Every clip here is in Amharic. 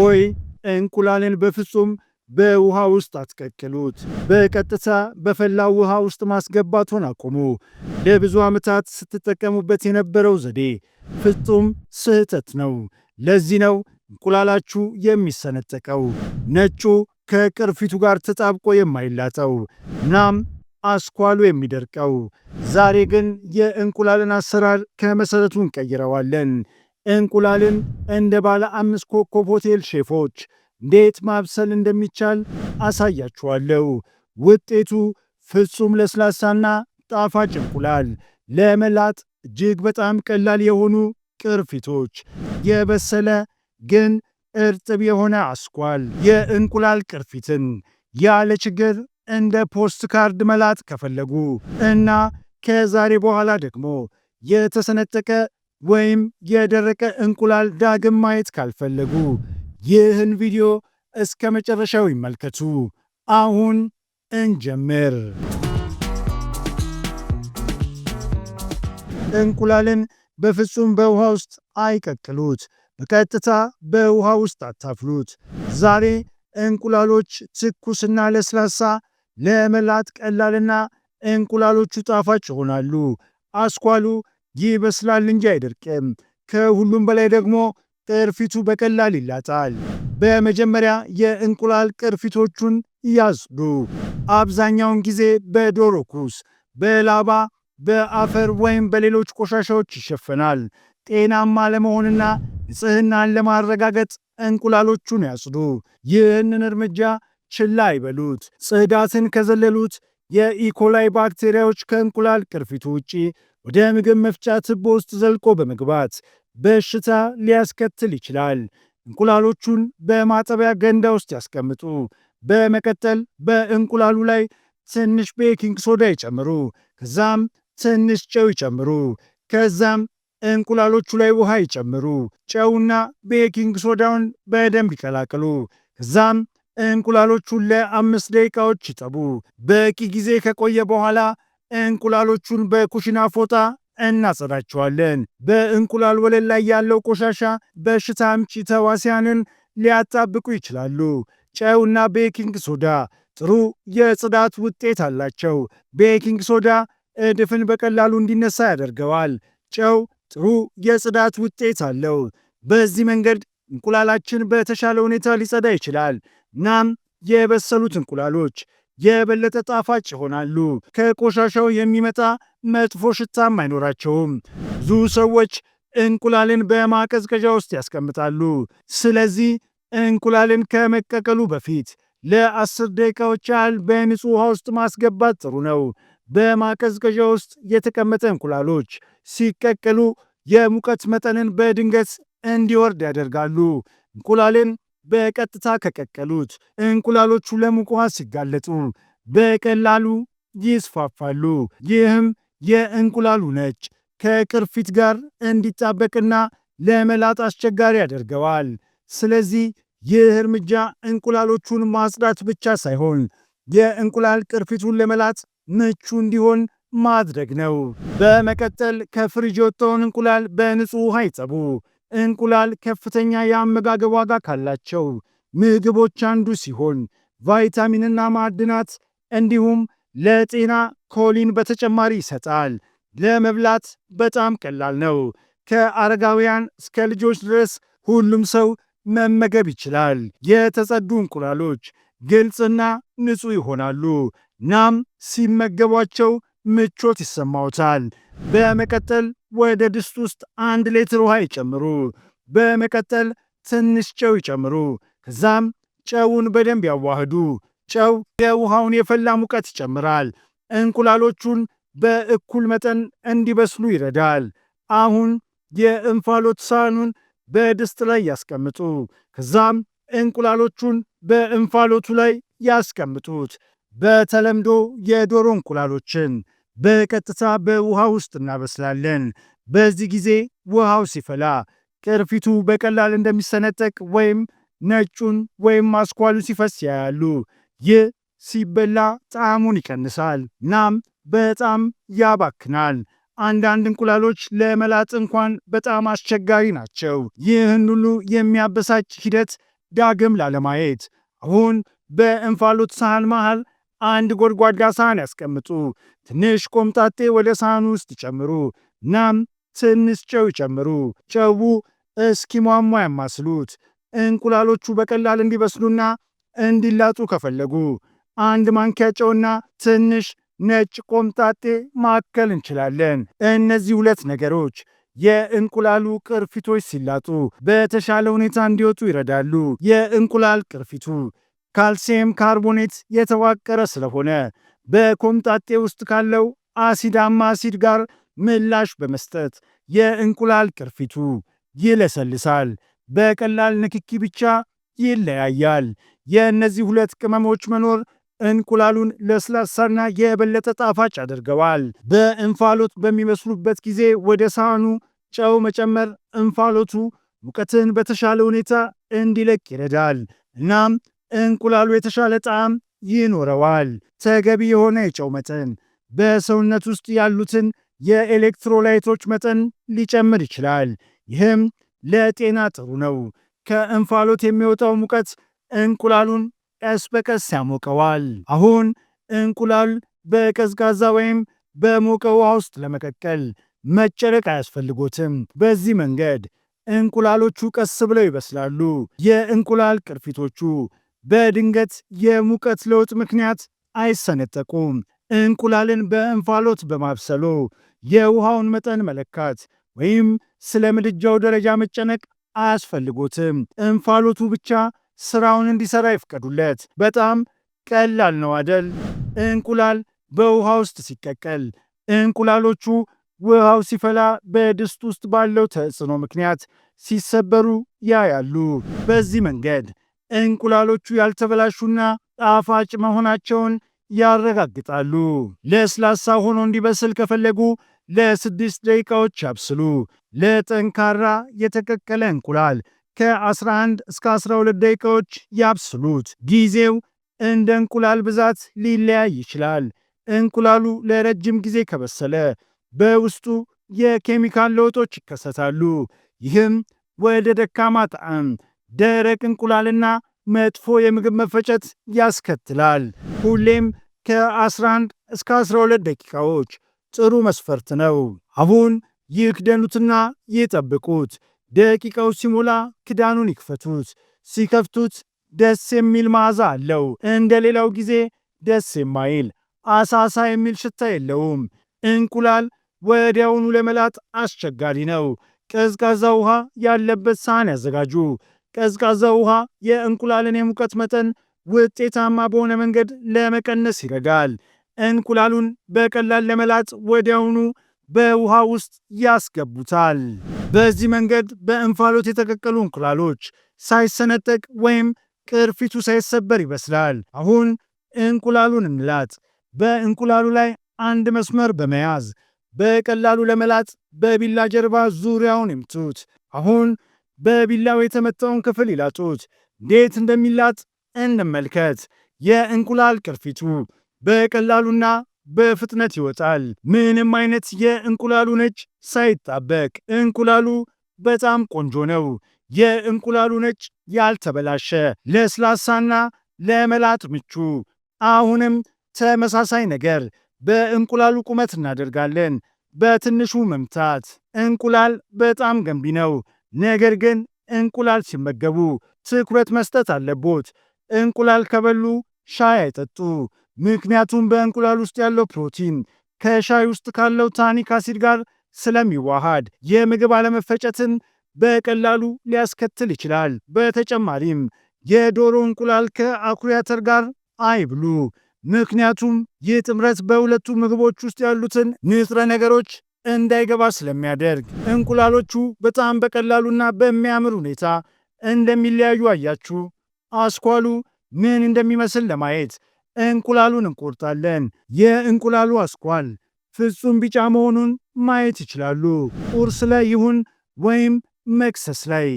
ቆይ እንቁላልን በፍጹም በውሃ ውስጥ አትቀቅሉት። በቀጥታ በፈላው ውሃ ውስጥ ማስገባቱን አቁሙ። ለብዙ ዓመታት ስትጠቀሙበት የነበረው ዘዴ ፍጹም ስህተት ነው። ለዚህ ነው እንቁላላችሁ የሚሰነጠቀው፣ ነጩ ከቅርፊቱ ጋር ተጣብቆ የማይላጠው እናም አስኳሉ የሚደርቀው። ዛሬ ግን የእንቁላልን አሰራር ከመሠረቱ እንቀይረዋለን። እንቁላልን እንደ ባለ አምስት ኮከብ ሆቴል ሼፎች እንዴት ማብሰል እንደሚቻል አሳያችኋለሁ። ውጤቱ ፍጹም ለስላሳና ጣፋጭ እንቁላል፣ ለመላጥ እጅግ በጣም ቀላል የሆኑ ቅርፊቶች፣ የበሰለ ግን እርጥብ የሆነ አስኳል። የእንቁላል ቅርፊትን ያለ ችግር እንደ ፖስት ካርድ መላጥ ከፈለጉ እና ከዛሬ በኋላ ደግሞ የተሰነጠቀ ወይም የደረቀ እንቁላል ዳግም ማየት ካልፈለጉ ይህን ቪዲዮ እስከ መጨረሻው ይመልከቱ። አሁን እንጀምር። እንቁላልን በፍጹም በውሃ ውስጥ አይቀቅሉት። በቀጥታ በውሃ ውስጥ አታፍሉት። ዛሬ እንቁላሎች ትኩስና ለስላሳ፣ ለመላጥ ቀላልና እንቁላሎቹ ጣፋጭ ይሆናሉ። አስኳሉ ይበስላል እንጂ አይደርቅም። ከሁሉም በላይ ደግሞ ቅርፊቱ በቀላል ይላጣል። በመጀመሪያ የእንቁላል ቅርፊቶቹን ያጽዱ። አብዛኛውን ጊዜ በዶሮ ኩስ፣ በላባ፣ በአፈር ወይም በሌሎች ቆሻሻዎች ይሸፈናል። ጤናማ ለመሆንና ንጽህናን ለማረጋገጥ እንቁላሎቹን ያጽዱ። ይህንን እርምጃ ችላ አይበሉት። ጽዳትን ከዘለሉት የኢኮላይ ባክቴሪያዎች ከእንቁላል ቅርፊቱ ውጪ ወደ ምግብ መፍጫ ትቦ ውስጥ ዘልቆ በመግባት በሽታ ሊያስከትል ይችላል። እንቁላሎቹን በማጠቢያ ገንዳ ውስጥ ያስቀምጡ። በመቀጠል በእንቁላሉ ላይ ትንሽ ቤኪንግ ሶዳ ይጨምሩ። ከዛም ትንሽ ጨው ይጨምሩ። ከዛም እንቁላሎቹ ላይ ውሃ ይጨምሩ። ጨውና ቤኪንግ ሶዳውን በደንብ ይቀላቅሉ። ከዛም እንቁላሎቹን ለአምስት ደቂቃዎች ይጠቡ። በቂ ጊዜ ከቆየ በኋላ እንቁላሎቹን በኩሽና ፎጣ እናጸዳቸዋለን። በእንቁላል ወለል ላይ ያለው ቆሻሻ በሽታ አምጪ ተዋሲያንን ሊያጣብቁ ይችላሉ። ጨውና ቤኪንግ ሶዳ ጥሩ የጽዳት ውጤት አላቸው። ቤኪንግ ሶዳ እድፍን በቀላሉ እንዲነሳ ያደርገዋል። ጨው ጥሩ የጽዳት ውጤት አለው። በዚህ መንገድ እንቁላላችን በተሻለ ሁኔታ ሊጸዳ ይችላል። እናም የበሰሉት እንቁላሎች የበለጠ ጣፋጭ ይሆናሉ። ከቆሻሻው የሚመጣ መጥፎ ሽታም አይኖራቸውም። ብዙ ሰዎች እንቁላልን በማቀዝቀዣ ውስጥ ያስቀምጣሉ። ስለዚህ እንቁላልን ከመቀቀሉ በፊት ለአስር ደቂቃዎች ያህል በንጹህ ውሃ ውስጥ ማስገባት ጥሩ ነው። በማቀዝቀዣ ውስጥ የተቀመጠ እንቁላሎች ሲቀቀሉ የሙቀት መጠንን በድንገት እንዲወርድ ያደርጋሉ። እንቁላልን በቀጥታ ከቀቀሉት እንቁላሎቹ ለሙቅ ውሃ ሲጋለጡ በቀላሉ ይስፋፋሉ። ይህም የእንቁላሉ ነጭ ከቅርፊት ጋር እንዲጣበቅና ለመላጥ አስቸጋሪ ያደርገዋል። ስለዚህ ይህ እርምጃ እንቁላሎቹን ማጽዳት ብቻ ሳይሆን የእንቁላል ቅርፊቱን ለመላጥ ምቹ እንዲሆን ማድረግ ነው። በመቀጠል ከፍሪጅ የወጣውን እንቁላል በንጹህ ውሃ ይጠቡ። እንቁላል ከፍተኛ የአመጋገብ ዋጋ ካላቸው ምግቦች አንዱ ሲሆን ቫይታሚንና ማዕድናት እንዲሁም ለጤና ኮሊን በተጨማሪ ይሰጣል። ለመብላት በጣም ቀላል ነው። ከአረጋውያን እስከ ልጆች ድረስ ሁሉም ሰው መመገብ ይችላል። የተጸዱ እንቁላሎች ግልጽና ንጹህ ይሆናሉ፣ ናም ሲመገቧቸው ምቾት ይሰማዎታል። በመቀጠል ወደ ድስት ውስጥ አንድ ሌትር ውሃ ይጨምሩ። በመቀጠል ትንሽ ጨው ይጨምሩ። ከዛም ጨውን በደንብ ያዋህዱ። ጨው የውሃውን የፈላ ሙቀት ይጨምራል። እንቁላሎቹን በእኩል መጠን እንዲበስሉ ይረዳል። አሁን የእንፋሎት ሳህኑን በድስት ላይ ያስቀምጡ። ከዛም እንቁላሎቹን በእንፋሎቱ ላይ ያስቀምጡት። በተለምዶ የዶሮ እንቁላሎችን በቀጥታ በውሃ ውስጥ እናበስላለን። በዚህ ጊዜ ውሃው ሲፈላ ቅርፊቱ በቀላል እንደሚሰነጠቅ ወይም ነጩን ወይም አስኳሉ ሲፈስ ያያሉ። ይህ ሲበላ ጣዕሙን ይቀንሳል፣ ናም በጣም ያባክናል። አንዳንድ እንቁላሎች ለመላጥ እንኳን በጣም አስቸጋሪ ናቸው። ይህን ሁሉ የሚያበሳጭ ሂደት ዳግም ላለማየት አሁን በእንፋሎት ሳህን መሃል አንድ ጎድጓዳ ሳህን ያስቀምጡ። ትንሽ ቆምጣጤ ወደ ሳህኑ ውስጥ ይጨምሩ። እናም ትንሽ ጨው ይጨምሩ። ጨው እስኪሟሟ ያማስሉት። እንቁላሎቹ በቀላል እንዲበስሉና እንዲላጡ ከፈለጉ አንድ ማንኪያ ጨውና ትንሽ ነጭ ቆምጣጤ ማከል እንችላለን። እነዚህ ሁለት ነገሮች የእንቁላሉ ቅርፊቶች ሲላጡ በተሻለ ሁኔታ እንዲወጡ ይረዳሉ። የእንቁላል ቅርፊቱ ካልሲየም ካርቦኔት የተዋቀረ ስለሆነ በኮምጣጤ ውስጥ ካለው አሲዳማ አሲድ ጋር ምላሽ በመስጠት የእንቁላል ቅርፊቱ ይለሰልሳል። በቀላል ንክኪ ብቻ ይለያያል። የእነዚህ ሁለት ቅመሞች መኖር እንቁላሉን ለስላሳና የበለጠ ጣፋጭ አድርገዋል። በእንፋሎት በሚበስሉበት ጊዜ ወደ ሳህኑ ጨው መጨመር እንፋሎቱ ሙቀትን በተሻለ ሁኔታ እንዲለቅ ይረዳል። እናም እንቁላሉ የተሻለ ጣዕም ይኖረዋል። ተገቢ የሆነ የጨው መጠን በሰውነት ውስጥ ያሉትን የኤሌክትሮላይቶች መጠን ሊጨምር ይችላል። ይህም ለጤና ጥሩ ነው። ከእንፋሎት የሚወጣው ሙቀት እንቁላሉን ቀስ በቀስ ያሞቀዋል። አሁን እንቁላል በቀዝቃዛ ወይም በሞቀ ውሃ ውስጥ ለመቀቀል መጨረቅ አያስፈልጎትም። በዚህ መንገድ እንቁላሎቹ ቀስ ብለው ይበስላሉ። የእንቁላል ቅርፊቶቹ በድንገት የሙቀት ለውጥ ምክንያት አይሰነጠቁም። እንቁላልን በእንፋሎት በማብሰሉ የውሃውን መጠን መለካት ወይም ስለ ምድጃው ደረጃ መጨነቅ አያስፈልጎትም። እንፋሎቱ ብቻ ስራውን እንዲሰራ ይፍቀዱለት። በጣም ቀላል ነው አደል? እንቁላል በውሃ ውስጥ ሲቀቀል እንቁላሎቹ ውሃው ሲፈላ በድስት ውስጥ ባለው ተጽዕኖ ምክንያት ሲሰበሩ ያያሉ። በዚህ መንገድ እንቁላሎቹ ያልተበላሹና ጣፋጭ መሆናቸውን ያረጋግጣሉ። ለስላሳ ሆኖ እንዲበስል ከፈለጉ ለስድስት ደቂቃዎች ያብስሉ። ለጠንካራ የተቀቀለ እንቁላል ከ11 እስከ 12 ደቂቃዎች ያብስሉት። ጊዜው እንደ እንቁላል ብዛት ሊለያይ ይችላል። እንቁላሉ ለረጅም ጊዜ ከበሰለ በውስጡ የኬሚካል ለውጦች ይከሰታሉ። ይህም ወደ ደካማ ጣዕም ደረቅ እንቁላልና መጥፎ የምግብ መፈጨት ያስከትላል። ሁሌም ከ11 እስከ 12 ደቂቃዎች ጥሩ መስፈርት ነው። አሁን ይክደኑትና ይጠብቁት። ደቂቃው ሲሞላ ክዳኑን ይክፈቱት። ሲከፍቱት ደስ የሚል መዓዛ አለው። እንደ ሌላው ጊዜ ደስ የማይል አሳሳ የሚል ሽታ የለውም። እንቁላል ወዲያውኑ ለመላጥ አስቸጋሪ ነው። ቀዝቃዛ ውሃ ያለበት ሳህን ያዘጋጁ። ቀዝቃዛ ውሃ የእንቁላልን የሙቀት መጠን ውጤታማ በሆነ መንገድ ለመቀነስ ይረዳል። እንቁላሉን በቀላል ለመላጥ ወዲያውኑ በውሃ ውስጥ ያስገቡታል። በዚህ መንገድ በእንፋሎት የተቀቀሉ እንቁላሎች ሳይሰነጠቅ ወይም ቅርፊቱ ሳይሰበር ይበስላል። አሁን እንቁላሉን እንላጥ። በእንቁላሉ ላይ አንድ መስመር በመያዝ በቀላሉ ለመላጥ በቢላ ጀርባ ዙሪያውን ይምቱት። አሁን በቢላው የተመታውን ክፍል ይላጩት። እንዴት እንደሚላጥ እንመልከት። የእንቁላል ቅርፊቱ በቀላሉና በፍጥነት ይወጣል፣ ምንም አይነት የእንቁላሉ ነጭ ሳይጣበቅ። እንቁላሉ በጣም ቆንጆ ነው። የእንቁላሉ ነጭ ያልተበላሸ፣ ለስላሳና ለመላጥ ምቹ። አሁንም ተመሳሳይ ነገር በእንቁላሉ ቁመት እናደርጋለን። በትንሹ መምታት። እንቁላል በጣም ገንቢ ነው። ነገር ግን እንቁላል ሲመገቡ ትኩረት መስጠት አለቦት። እንቁላል ከበሉ ሻይ አይጠጡ፣ ምክንያቱም በእንቁላል ውስጥ ያለው ፕሮቲን ከሻይ ውስጥ ካለው ታኒክ አሲድ ጋር ስለሚዋሃድ የምግብ አለመፈጨትን በቀላሉ ሊያስከትል ይችላል። በተጨማሪም የዶሮ እንቁላል ከአኩሪ አተር ጋር አይብሉ፣ ምክንያቱም ይህ ጥምረት በሁለቱ ምግቦች ውስጥ ያሉትን ንጥረ ነገሮች እንዳይገባ ስለሚያደርግ እንቁላሎቹ በጣም በቀላሉና በሚያምር ሁኔታ እንደሚለያዩ አያችሁ። አስኳሉ ምን እንደሚመስል ለማየት እንቁላሉን እንቆርጣለን። የእንቁላሉ አስኳል ፍጹም ቢጫ መሆኑን ማየት ይችላሉ። ቁርስ ላይ ይሁን ወይም መክሰስ ላይ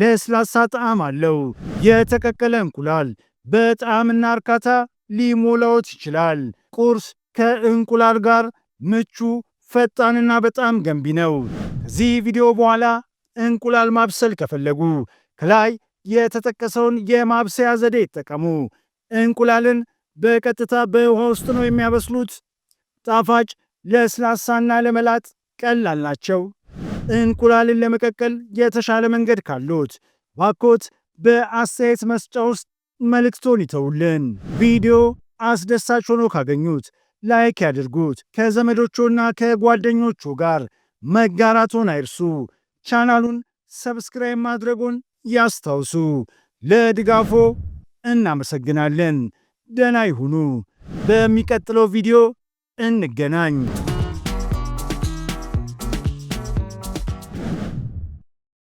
ለስላሳ ጣዕም አለው። የተቀቀለ እንቁላል በጣዕምና እርካታ ሊሞላዎት ይችላል። ቁርስ ከእንቁላል ጋር ምቹ ፈጣንና በጣም ገንቢ ነው። ከዚህ ቪዲዮ በኋላ እንቁላል ማብሰል ከፈለጉ ከላይ የተጠቀሰውን የማብሰያ ዘዴ ይጠቀሙ። እንቁላልን በቀጥታ በውሃ ውስጥ ነው የሚያበስሉት። ጣፋጭ፣ ለስላሳና ለመላጥ ቀላል ናቸው። እንቁላልን ለመቀቀል የተሻለ መንገድ ካሉት ባኮት በአስተያየት መስጫ ውስጥ መልእክቶን ይተውልን። ቪዲዮ አስደሳች ሆኖ ካገኙት ላይክ ያድርጉት። ከዘመዶቹና ከጓደኞቹ ጋር መጋራቱን አይርሱ። ቻናሉን ሰብስክራይብ ማድረጉን ያስታውሱ። ለድጋፎ እናመሰግናለን። ደና ይሁኑ። በሚቀጥለው ቪዲዮ እንገናኝ።